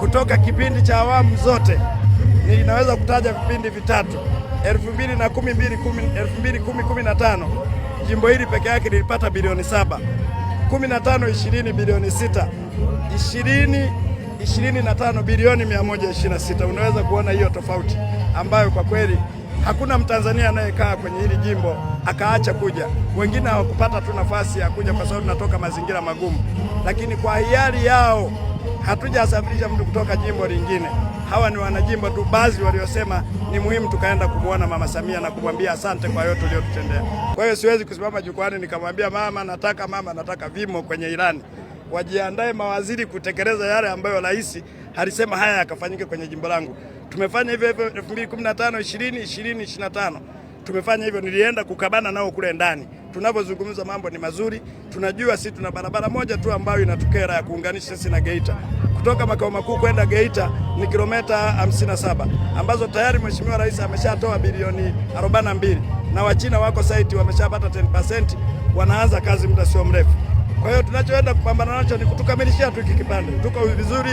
kutoka kipindi cha awamu zote, ninaweza kutaja vipindi vitatu: 2012-2015 jimbo hili peke yake lilipata bilioni saba, 15-20 bilioni sita, 20-25 bilioni 126 Unaweza kuona hiyo tofauti ambayo kwa kweli hakuna Mtanzania anayekaa kwenye hili jimbo akaacha kuja. Wengine hawakupata tu nafasi ya kuja kwa sababu tunatoka mazingira magumu, lakini kwa hiari yao hatujasafirisha mtu kutoka jimbo lingine. Hawa ni wanajimbo tu baadhi waliosema ni muhimu tukaenda kumwona Mama Samia na kumwambia asante kwa yote uliyotutendea. Kwa hiyo siwezi kusimama jukwani nikamwambia mama, nataka mama, nataka vimo kwenye ilani. Wajiandae mawaziri kutekeleza yale ambayo rais alisema haya yakafanyike kwenye jimbo langu. Tumefanya hivyo hivyo 2015, 20, 20, 25. Tumefanya hivyo, nilienda kukabana nao kule ndani tunavyozungumza mambo ni mazuri. Tunajua sisi tuna barabara moja tu ambayo inatukera ya kuunganisha sisi na Geita. Kutoka makao makuu kwenda Geita ni kilomita 57 ambazo tayari Mheshimiwa Rais ameshatoa bilioni 42 na Wachina wako saiti wameshapata 10%, wanaanza kazi muda sio mrefu. Kwa hiyo tunachoenda kupambana nacho ni kutukamilishia tu hiki kipande, tuko vizuri.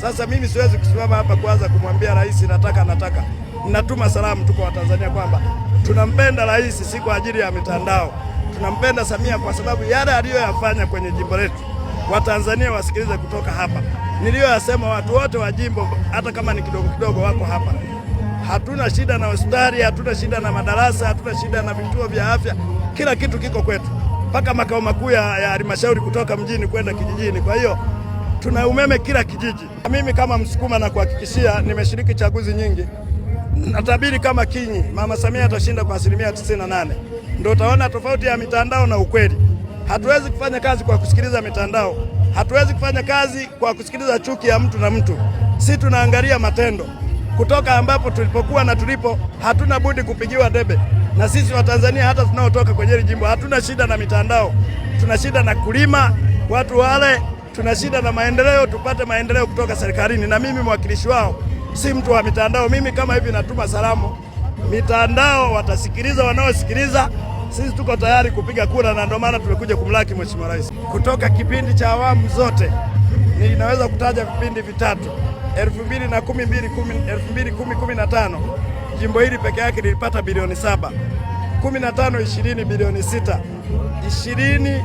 Sasa mimi siwezi kusimama hapa kwanza kumwambia rais nataka nataka, natuma salamu tuko Watanzania kwamba Tunampenda rais si kwa ajili ya mitandao, tunampenda Samia kwa sababu yale aliyoyafanya kwenye jimbo letu Watanzania wasikilize kutoka hapa niliyoyasema. Watu wote wa jimbo, hata kama ni kidogo kidogo, wako hapa. Hatuna shida na hospitali, hatuna shida na madarasa, hatuna shida na vituo vya afya, kila kitu kiko kwetu, mpaka makao makuu ya halmashauri kutoka mjini kwenda kijijini. Kwa hiyo tuna umeme kila kijiji. Mimi kama Msukuma na kuhakikishia, nimeshiriki chaguzi nyingi natabiri kama Kinyi, Mama Samia atashinda kwa asilimia 98. Ndio utaona tofauti ya mitandao na ukweli. Hatuwezi kufanya kazi kwa kusikiliza mitandao, hatuwezi kufanya kazi kwa kusikiliza chuki ya mtu na mtu. Si tunaangalia matendo kutoka ambapo tulipokuwa na tulipo, hatuna budi kupigiwa debe. Na sisi Watanzania hata tunaotoka kwenye hili jimbo hatuna shida na mitandao, tuna shida na kulima, watu wale, tuna shida na maendeleo, tupate maendeleo kutoka serikalini, na mimi mwakilishi wao si mtu wa mitandao. Mimi kama hivi natuma salamu mitandao, watasikiliza wanaosikiliza. Sisi tuko tayari kupiga kura, na ndio maana tumekuja kumlaki mheshimiwa rais. Kutoka kipindi cha awamu zote ninaweza kutaja vipindi vitatu: 2012 2015 jimbo hili peke yake lilipata bilioni saba 15 20 bilioni 6 20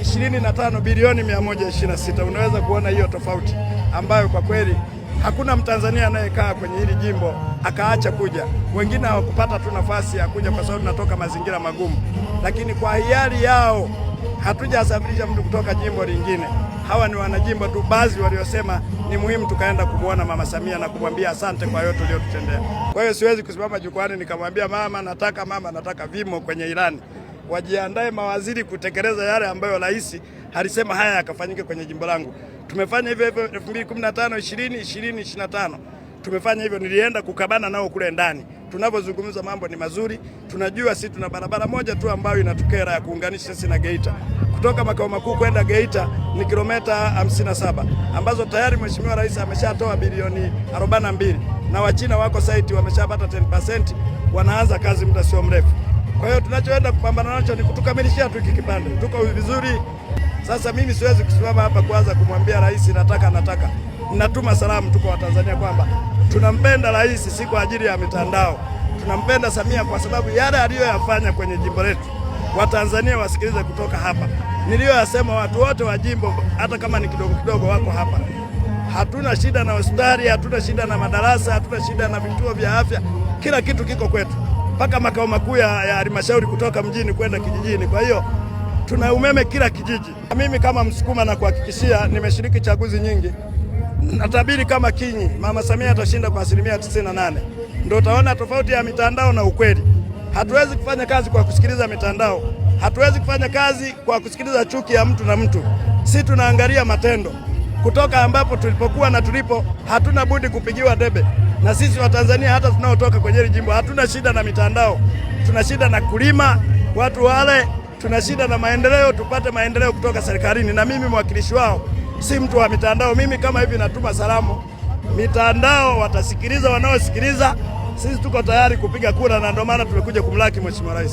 25 bilioni 126. Unaweza kuona hiyo tofauti ambayo kwa kweli Hakuna Mtanzania anayekaa kwenye hili jimbo akaacha kuja. Wengine hawakupata tu nafasi ya kuja kwa sababu tunatoka mazingira magumu, lakini kwa hiari yao hatujasafirisha mtu kutoka jimbo lingine. Hawa ni wanajimbo tu baadhi waliosema ni muhimu tukaenda kumwona Mama Samia na kumwambia asante kwa yote uliyotutendea. Kwa hiyo siwezi kusimama jukwani nikamwambia mama nataka, mama nataka vimo kwenye ilani wajiandae mawaziri kutekeleza yale ambayo rais alisema haya yakafanyike kwenye jimbo langu. Tumefanya hivyo hivyo 2015, 20, 25. Tumefanya hivyo, nilienda kukabana nao kule ndani. Tunavyozungumza mambo ni mazuri, tunajua sisi tuna barabara moja tu ambayo inatukera ya kuunganisha sisi na Geita kutoka makao makuu kwenda Geita ni kilomita 57 ambazo tayari Mheshimiwa Rais ameshatoa bilioni 42 na Wachina wako site wameshapata 10%, wanaanza kazi muda sio mrefu. Kwa hiyo tunachoenda kupambana nacho ni kutukamilishia tu hiki kipande. Tuko vizuri sasa. Mimi siwezi kusimama hapa kwanza kumwambia rais nataka nataka. Natuma salamu tuko Watanzania kwamba tunampenda rais, si kwa ajili ya mitandao. Tunampenda Samia kwa sababu yale aliyoyafanya kwenye jimbo letu Watanzania wasikilize kutoka hapa niliyoyasema. Watu wote wa jimbo, hata kama ni kidogo kidogo, wako hapa. Hatuna shida na hospitali, hatuna shida na madarasa, hatuna shida na vituo vya afya, kila kitu kiko kwetu mpaka makao makuu ya halmashauri kutoka mjini kwenda kijijini. Kwa hiyo tuna umeme kila kijiji. Mimi kama Msukuma na kuhakikishia, nimeshiriki chaguzi nyingi, natabiri kama kinyi, Mama Samia atashinda kwa asilimia 98. Ndio utaona tofauti ya mitandao na ukweli. Hatuwezi kufanya kazi kwa kusikiliza mitandao, hatuwezi kufanya kazi kwa kusikiliza chuki ya mtu na mtu. Si tunaangalia matendo kutoka ambapo tulipokuwa na tulipo, hatuna budi kupigiwa debe na sisi Watanzania hata tunaotoka kwenye hili jimbo hatuna shida na mitandao, tuna shida na kulima, watu wale, tuna shida na maendeleo, tupate maendeleo kutoka serikalini. Na mimi mwakilishi wao si mtu wa mitandao. Mimi kama hivi natuma salamu mitandao, watasikiliza wanaosikiliza. Sisi tuko tayari kupiga kura, na ndio maana tumekuja kumlaki Mheshimiwa Rais.